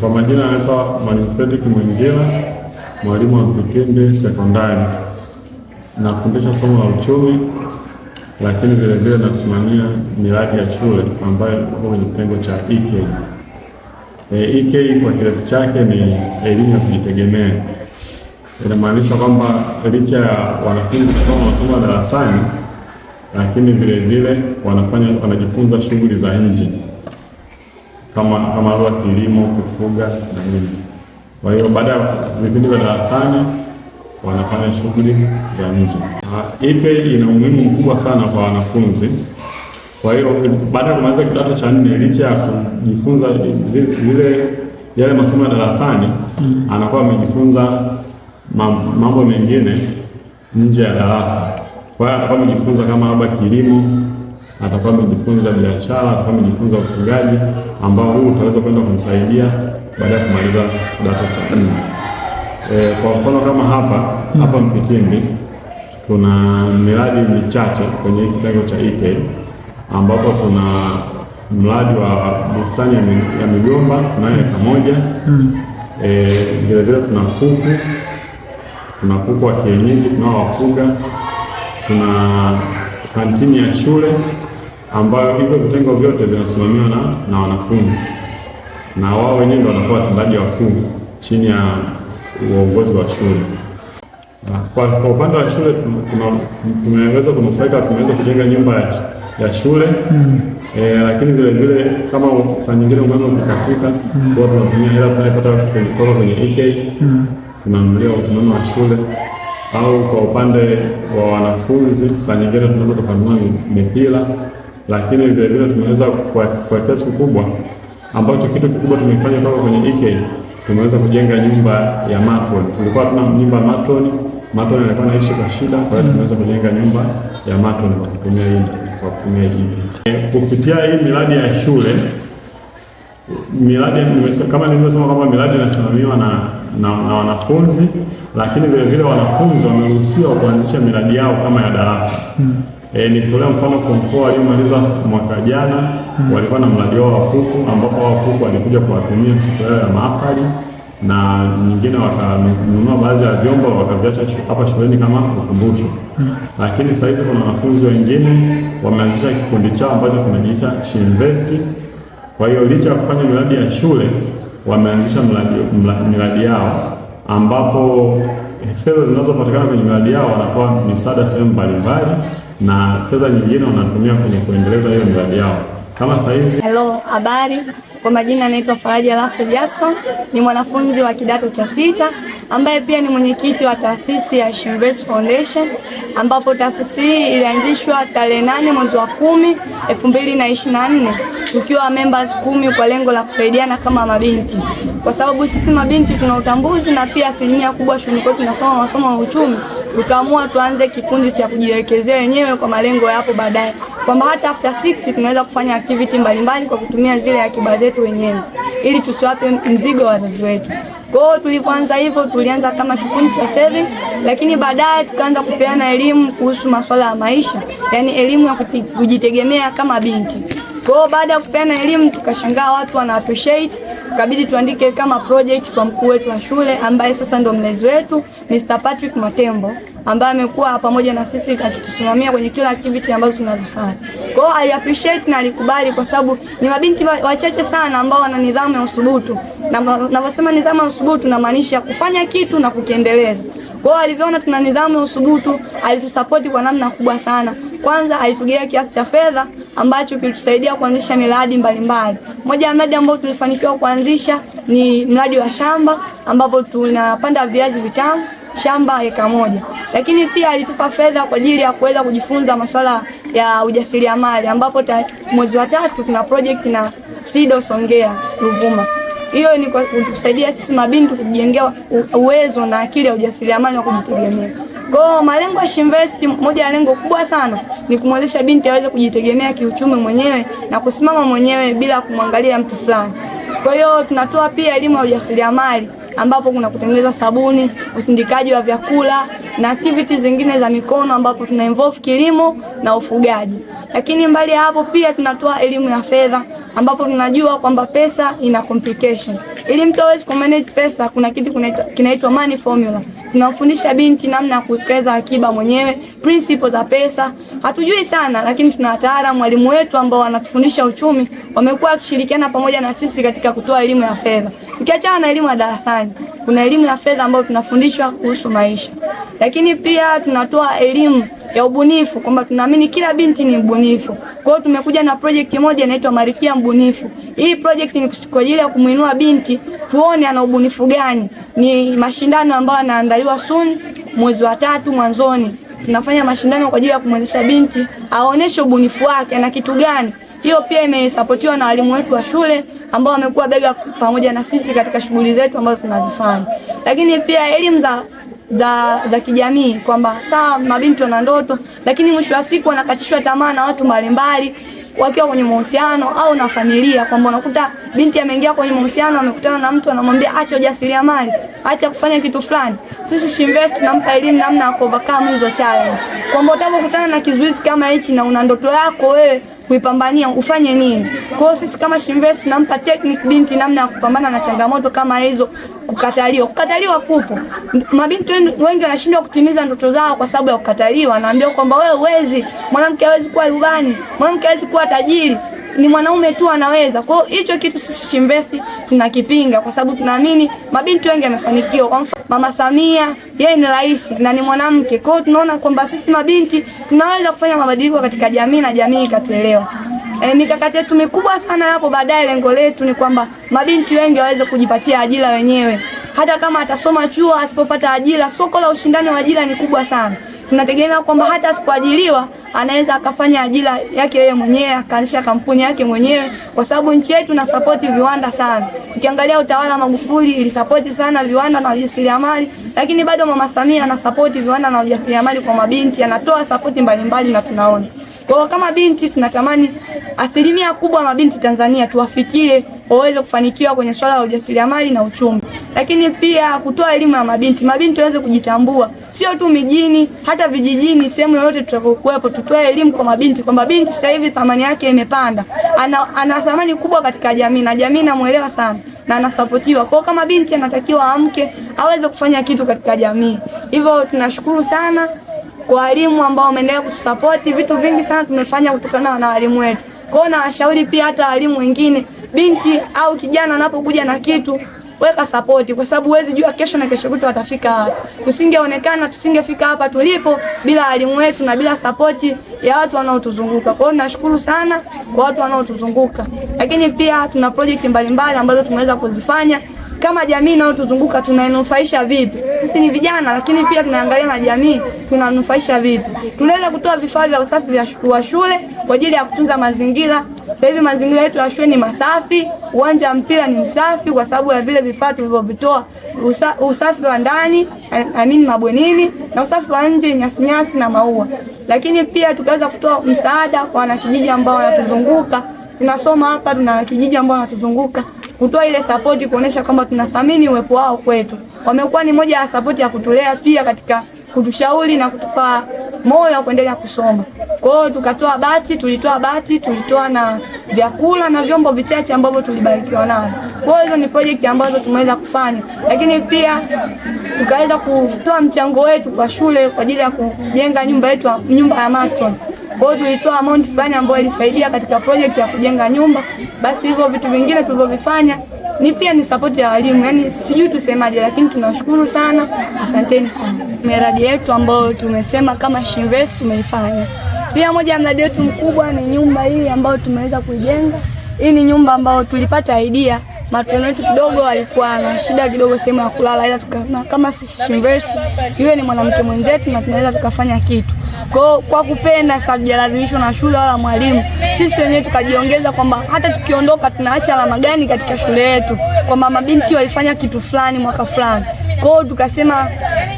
Kwa majina anaitwa Mwalimu Fredrick Mwingira, mwalimu wa Mvikende Sekondari. Nafundisha somo la uchumi, lakini vilevile nasimamia miradi ya shule ambayo iko kwenye kitengo cha EK. E, EK e, e kwa kirefu chake ni elimu ya kujitegemea. Inamaanisha kwamba licha ya wanafunzi kusoma masomo ya darasani lakini vile vile wanafanya wanajifunza shughuli za nje kama kama wa kilimo, kufuga na nini Kwa hiyo baada ya vipindi vya darasani wanafanya shughuli za nje. Ah, ipe ina umuhimu mkubwa sana kwa wanafunzi. Kwa hiyo baada ya kumaliza kidato cha nne, licha ya kujifunza vile yale masomo ya darasani, mm. anakuwa amejifunza mambo mengine nje ya darasa. Kwa hiyo atakuwa amejifunza kama labda kilimo, atakuwa amejifunza biashara, atakuwa amejifunza ufugaji, ambao huu utaweza kwenda kumsaidia baada ya kumaliza kidato cha nne. E, kwa mfano kama hapa hapa Mpitimbi tuna miradi michache kwenye kitengo cha EK ambapo tuna mradi wa bustani ya migomba tunayo eka moja. Vilevile tuna kuku, tuna kuku wa kienyeji tunaowafuga tuna kantini ya shule ambayo hivyo vitengo vyote vinasimamiwa na, na wanafunzi na wao wenyewe ndio wanakuwa watendaji wakuu chini ya uongozi wa shule. Kwa, kwa upande wa shule tumeweza kunufaika, tumeweza kujenga nyumba ya, ya shule E, lakini vile vile kama saa nyingine umeme ukikatika mm. tunatumia hela tunayopata kutoka kwenye EK mm. tunanunulia umeme wa shule au kwa upande wa wanafunzi, saa nyingine tunaweza tukanunua mipira, lakini vilevile tumeweza kwa, kwa kiasi kikubwa ambacho kitu kikubwa tumefanya toka kwenye EK tumeweza kujenga nyumba ya matron. Tulikuwa tuna nyumba matron, matron alikuwa anaishi kwa shida, kwa hiyo tumeweza kujenga nyumba ya matron kwa kutumia hii kwa kutumia EK kupitia hii miradi ya shule miradi, kama nilivyosema kwamba miradi inasimamiwa na na, na wanafunzi, lakini vile vile wanafunzi wameruhusiwa kuanzisha miradi yao kama ya darasa hmm. E, nikitolea mfano form 4 waliomaliza mwaka jana hmm. walikuwa na mradi wao wa kuku, ambapo wao kuku walikuja kuwatumia siku yao ya mahafali na nyingine wakanunua baadhi ya vyombo wakaviacha hapa shuleni kama ukumbusho hmm. Lakini sasa hizi kuna wanafunzi wengine wameanzisha kikundi chao ambacho kinajiita Shinvest. Kwa hiyo licha ya kufanya miradi ya shule wameanzisha miradi yao, ambapo fedha zinazopatikana kwenye miradi yao wanapewa misaada sehemu mbalimbali, na fedha nyingine wanatumia kwenye kuendeleza hiyo miradi yao kama saizi. Hello, habari. Kwa majina naitwa Faraja Lasto Jackson, ni mwanafunzi wa kidato cha sita ambaye pia ni mwenyekiti wa taasisi ya Shimebells Foundation ambapo taasisi hii ilianzishwa tarehe nane mwezi wa kumi elfu mbili na ishirini na nne tukiwa members kumi kwa lengo la kusaidiana kama mabinti, kwa sababu sisi mabinti tuna utambuzi na pia asilimia kubwa shuleni kwetu tunasoma masomo ya uchumi. Tukaamua tuanze kikundi cha kujiwekezea wenyewe kwa malengo yapo baadaye, kwamba hata after six tunaweza kufanya activity mbalimbali mbali kwa kutumia zile akiba zetu wenyewe, ili tusiwape mzigo wazazi wetu. Kwa hiyo hivyo, tulianza kama kikundi cha seven, lakini baadaye tukaanza kupeana elimu kuhusu masuala ya maisha, yaani elimu ya kujitegemea kama binti. Kwa hiyo baada ya kupeana elimu, tukashangaa watu wana appreciate kabidi tuandike kama project kwa mkuu wetu wa shule ambaye sasa ndo mlezi wetu Mr. Patrick Matembo ambaye amekuwa pamoja na sisi akitusimamia kwenye kila activity ambazo tunazifanya. Kwa hiyo ali appreciate na alikubali, kwa sababu ni mabinti wachache sana ambao wana nidhamu ya usubutu. Na Navyosema nidhamu ya usubutu, namaanisha kufanya kitu na kukiendeleza. Kwa hiyo alivyoona tuna nidhamu ya usubutu, alitusupport kwa namna kubwa sana. Kwanza alitugaia kiasi cha fedha ambacho kilitusaidia kuanzisha miradi mbalimbali. Moja ya miradi ambayo tulifanikiwa kuanzisha ni mradi wa shamba ambapo tunapanda viazi vitamu shamba eka moja, lakini pia alitupa fedha kwa ajili ya kuweza kujifunza masuala ya ujasiriamali, ambapo mwezi wa tatu tuna project na SIDO Songea Ruvuma. Hiyo ni kwa kutusaidia sisi mabinti kujengea uwezo na akili ya ujasiriamali na kujitegemea. Kwa malengo ya Shinvest, moja ya lengo kubwa sana ni kumwezesha binti aweze kujitegemea kiuchumi mwenyewe na kusimama mwenyewe bila kumwangalia mtu fulani. Kwa hiyo tunatoa pia elimu ya ujasiriamali ambapo kuna kutengeneza sabuni, usindikaji wa vyakula na activities zingine za mikono, ambapo tuna involve kilimo na ufugaji. Lakini mbali ya hapo, pia tunatoa elimu ya fedha, ambapo tunajua kwamba pesa ina complication. Ili mtu aweze kumanage pesa, kuna kitu kinaitwa money formula tunafundisha binti namna ya kuwekeza akiba mwenyewe, principle za pesa. Hatujui sana, lakini tuna wataalamu, walimu wetu ambao wanatufundisha uchumi, wamekuwa wakishirikiana pamoja na sisi katika kutoa elimu ya fedha. Tukiachana na elimu ya darasani, kuna elimu ya fedha ambayo tunafundishwa kuhusu maisha, lakini pia tunatoa elimu ya ubunifu kwamba tunaamini kila binti ni mbunifu. Kwa hiyo tumekuja na project moja inaitwa Marikia Mbunifu. Hii project ni kwa ajili ya kumuinua binti, tuone ana ubunifu gani. Ni mashindano ambayo yanaandaliwa soon mwezi wa tatu mwanzoni. Tunafanya mashindano kwa ajili ya kumwezesha binti aoneshe ubunifu wake na kitu gani. Hiyo pia imesapotiwa na walimu wetu wa shule ambao wamekuwa bega pamoja na sisi katika shughuli zetu ambazo tunazifanya. Lakini pia elimu za za, za kijamii kwamba sawa, mabinti wana ndoto, lakini mwisho wa siku wanakatishwa tamaa na watu mbalimbali wakiwa kwenye mahusiano au na familia, kwamba unakuta binti ameingia kwenye mahusiano, amekutana na mtu anamwambia acha ujasiriamali, acha kufanya kitu fulani. Sisi Shimvest tunampa elimu namna ya overcome hizo challenge, kwamba utakapokutana na kizuizi kama hichi na una ndoto yako wewe kuipambania ufanye nini. Kwa hiyo sisi kama Shimvest tunampa technique binti namna ya kupambana na changamoto kama hizo, kukataliwa. Kukataliwa kupo, mabinti wengi wanashindwa kutimiza ndoto zao kwa sababu ya kukataliwa. Anaambiwa kwamba wewe huwezi, mwanamke hawezi kuwa rubani, mwanamke hawezi kuwa tajiri ni mwanaume tu anaweza. Kwa hiyo hicho kitu sisi Chimbesi tunakipinga kwa sababu tunaamini mabinti wengi wamefanikiwa. Kwa mfano Mama Samia, yeye ni rais na ni mwanamke. Kwa hiyo tunaona kwamba sisi mabinti tunaweza kufanya mabadiliko katika jamii na jamii ikatuelewa. E, mikakati yetu mikubwa sana hapo baadaye, lengo letu ni kwamba mabinti wengi waweze kujipatia ajira wenyewe. Hata kama atasoma chuo, asipopata ajira, soko la ushindani wa ajira ni kubwa sana. Tunategemea kwamba hata asipoajiriwa anaweza akafanya ajira yake yeye mwenyewe akaanzisha kampuni yake mwenyewe, kwa sababu nchi yetu support viwanda sana. Ukiangalia utawala Magufuli ilisapoti sana viwanda na ujasiriamali, lakini bado Mama Samia anasapoti viwanda na ujasiriamali kwa mabinti, anatoa sapoti mbalimbali na tunaona kwa hiyo kama binti tunatamani asilimia kubwa mabinti Tanzania tuwafikie waweze kufanikiwa kwenye swala la ujasiriamali na uchumi, lakini pia kutoa elimu ya mabinti, mabinti waweze kujitambua, sio tu mijini, hata vijijini, sehemu yoyote tutakokuwepo, tutoe elimu kwa mabinti kwamba binti sasa hivi thamani yake imepanda, ana, ana thamani kubwa katika jamii na jamii inamuelewa sana na anasapotiwa. Kwa kama binti anatakiwa amke aweze kufanya kitu katika jamii. Hivyo tunashukuru sana kwa walimu ambao wameendelea kutusapoti. Vitu vingi sana tumefanya kutokana na walimu wetu. Kwao nawashauri pia hata walimu wengine, binti au kijana anapokuja na kitu weka sapoti kwa sababu huwezi jua kesho na kesho kutu watafika hapa. Tusingeonekana, tusingefika hapa tulipo bila walimu wetu na bila sapoti ya watu wanaotuzunguka. Kwa hiyo nashukuru sana kwa watu wanaotuzunguka, lakini pia tuna project mbalimbali ambazo tumeweza kuzifanya kama jamii inayotuzunguka tunainufaisha vipi? Sisi ni vijana, lakini pia tunaangalia na jamii tunanufaisha vipi. Tunaweza kutoa vifaa vya usafi wa shule kwa ajili ya kutunza mazingira. Sasa hivi mazingira yetu ya shule ni masafi, uwanja wa mpira ni msafi kwa sababu ya vile vifaa tulivyovitoa. Usa, usafi wa ndani amini mabwenini na usafi wa nje, nyasi nyasi na maua. Lakini pia tukaweza kutoa msaada kwa wanakijiji ambao wanatuzunguka. Tunasoma hapa, tuna kijiji ambao wanatuzunguka kutoa ile sapoti kuonesha kwamba tunathamini uwepo wao kwetu. Wamekuwa ni moja ya sapoti ya kutulea pia katika kutushauri na kutupa moyo wa kuendelea kusoma. Kwa hiyo tukatoa bati, tulitoa bati, tulitoa na vyakula na vyombo vichache ambavyo tulibarikiwa navyo. Kwa hiyo hizo ni project ambazo tumeweza kufanya, lakini pia tukaweza kutoa mchango wetu kwa shule kwa ajili ya kujenga nyumba yetu, nyumba ya matron. Kwa hiyo tulitoa amount fulani ambayo ilisaidia katika project ya kujenga nyumba basi hivyo vitu vingine tulivyovifanya ni pia ni sapoti ya walimu, yani sijui tusemaje, lakini tunashukuru sana, asanteni sana. Miradi yetu ambayo tumesema kama Shinvest tumeifanya pia, moja ya mradi wetu mkubwa ni nyumba hii ambayo tumeweza kuijenga. Hii ni nyumba ambayo tulipata idea Matron yetu kidogo alikuwa na shida kidogo sehemu ya kulala, ila tukama kama sisi university, yule ni mwanamke mwenzetu na tunaweza tukafanya kitu kwa, kwa kupenda sajalazimishwa na shule wala mwalimu. Sisi wenyewe tukajiongeza kwamba hata tukiondoka tunaacha alama gani katika shule yetu, kwamba mabinti walifanya kitu fulani mwaka fulani. Kwa hiyo tukasema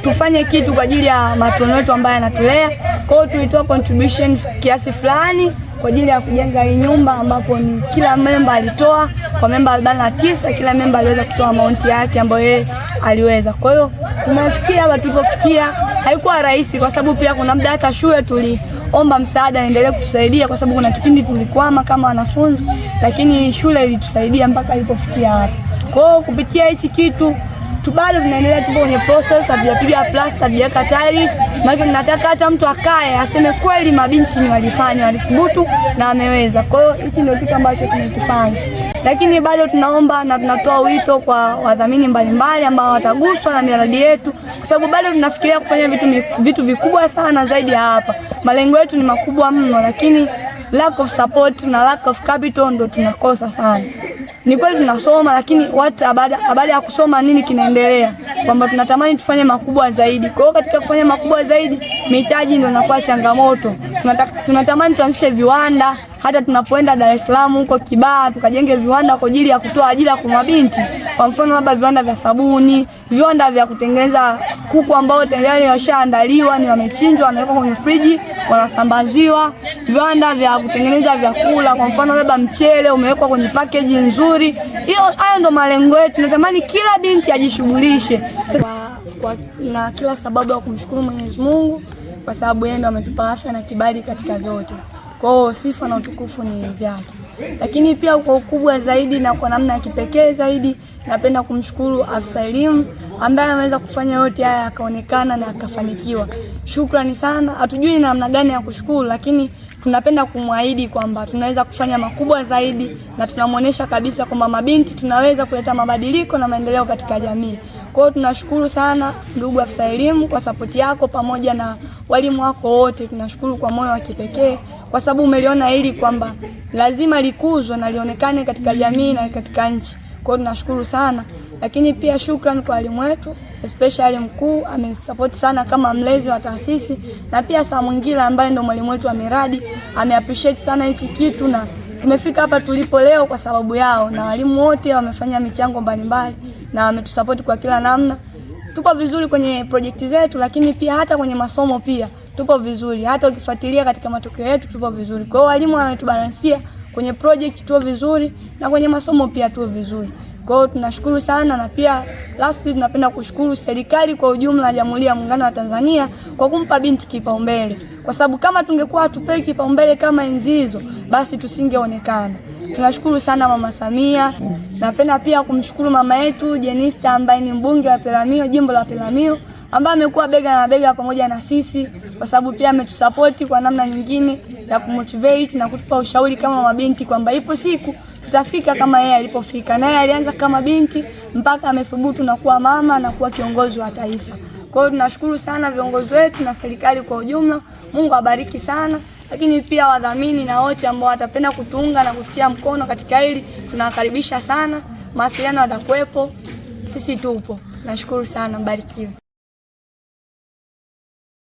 tufanye kitu kwa ajili ya matron wetu ambaye anatulea. Kwa hiyo tulitoa contribution kiasi fulani kwa ajili ya kujenga hii nyumba ambapo ni kila memba alitoa kwa memba arobaini na tisa, kila memba aliweza kutoa maunti yake ambayo yeye aliweza. Kwa hiyo tumefikia hapa tulipofikia, haikuwa rahisi kwa sababu pia kuna muda hata shule tuliomba msaada endelee kutusaidia, kwa sababu kuna kipindi tulikwama kama wanafunzi, lakini shule ilitusaidia mpaka ilipofikia hapa. Kwa hiyo kupitia hichi kitu bado tunaendelea, tupo kwenye process, hatujapiga plasta, hatujaweka tiles, maana tunataka hata mtu akae aseme kweli mabinti ni walifanya, walithubutu na ameweza. Kwa hiyo hichi ndio kitu ambacho tumekifanya lakini bado tunaomba na tunatoa wito kwa wadhamini mbalimbali ambao wataguswa na miradi yetu, kwa sababu bado tunafikiria kufanya vitu, vitu vikubwa sana zaidi ya hapa. Malengo yetu ni makubwa mno, lakini lack of support na lack of capital ndo tunakosa sana ni kweli tunasoma, lakini watu baada ya kusoma nini kinaendelea, kwamba tunatamani tufanye makubwa zaidi. Kwa hiyo katika kufanya makubwa zaidi, mitaji ndio inakuwa changamoto. Tunatamani tuanzishe viwanda, hata tunapoenda Dar es Salaam huko Kibaha, tukajenge viwanda kwa ajili ya kutoa ajira kwa mabinti, kwa mfano labda viwanda vya sabuni, viwanda vya kutengeneza kuku ambao tayari washaandaliwa ni wamechinjwa, wamewekwa kwenye friji, wanasambaziwa viwanda vya kutengeneza vyakula. Kwa mfano, labda mchele umewekwa kwenye package nzuri. Hiyo, hayo ndo malengo yetu. natamani kila binti ajishughulishe na kila sababu ya kumshukuru Mwenyezi Mungu kwa sababu yeye ndo ametupa afya na kibali katika vyote. Kwa hiyo sifa na utukufu ni vyake, lakini pia kwa ukubwa zaidi na kwa namna ya kipekee zaidi Napenda kumshukuru afisa elimu ambaye ameweza kufanya yote haya akaonekana na akafanikiwa. Shukrani sana. Hatujui namna gani ya kushukuru, lakini tunapenda kumwahidi kwamba tunaweza kufanya makubwa zaidi, na tunamwonyesha kabisa kwamba mabinti tunaweza kuleta mabadiliko na maendeleo katika jamii. Kwa hiyo tunashukuru sana ndugu afisa elimu kwa sapoti yako, pamoja na walimu wako wote. Tunashukuru kwa moyo wa kipekee kwa sababu umeliona hili kwamba lazima likuzwe na lionekane katika jamii na katika nchi. Kwa tunashukuru sana, lakini pia shukrani kwa walimu wetu especially mkuu amesupport sana kama mlezi wa taasisi, na pia saa mwingine ambaye ndo mwalimu wetu wa miradi ameappreciate sana hichi kitu, na tumefika hapa tulipo leo kwa sababu yao, na walimu wote wamefanya michango mbalimbali na wametusupport kwa kila namna. Tupo vizuri kwenye projekti zetu, lakini pia hata kwenye masomo pia tupo vizuri, hata ukifuatilia katika matokeo yetu tupo vizuri. Kwa hiyo walimu wametubalansia kwenye project tuwe vizuri na kwenye masomo pia tuwe vizuri. Kwa hiyo tunashukuru sana, na pia last tunapenda kushukuru serikali kwa ujumla ya Jamhuri ya Muungano wa Tanzania kwa kumpa binti kipaumbele, kwa sababu kama tungekuwa hatupewi kipaumbele kama enzi hizo, basi tusingeonekana. Tunashukuru sana Mama Samia. Napenda pia kumshukuru mama yetu Jenista ambaye ni mbunge wa Peramiho, jimbo la Peramiho, ambaye amekuwa bega na bega pamoja na sisi, kwa sababu pia ametusapoti kwa namna nyingine ya kumotivate na kutupa ushauri kama mabinti kwamba ipo siku tutafika kama yeye alipofika. Naye alianza kama binti mpaka amethubutu na kuwa mama na kuwa kiongozi wa taifa. Kwa hiyo tunashukuru sana viongozi wetu na serikali kwa ujumla. Mungu abariki sana, lakini pia wadhamini na wote ambao watapenda kutunga na kutia mkono katika hili tunawakaribisha sana. Mawasiliano yatakuwepo, sisi tupo. Nashukuru sana, mbarikiwe.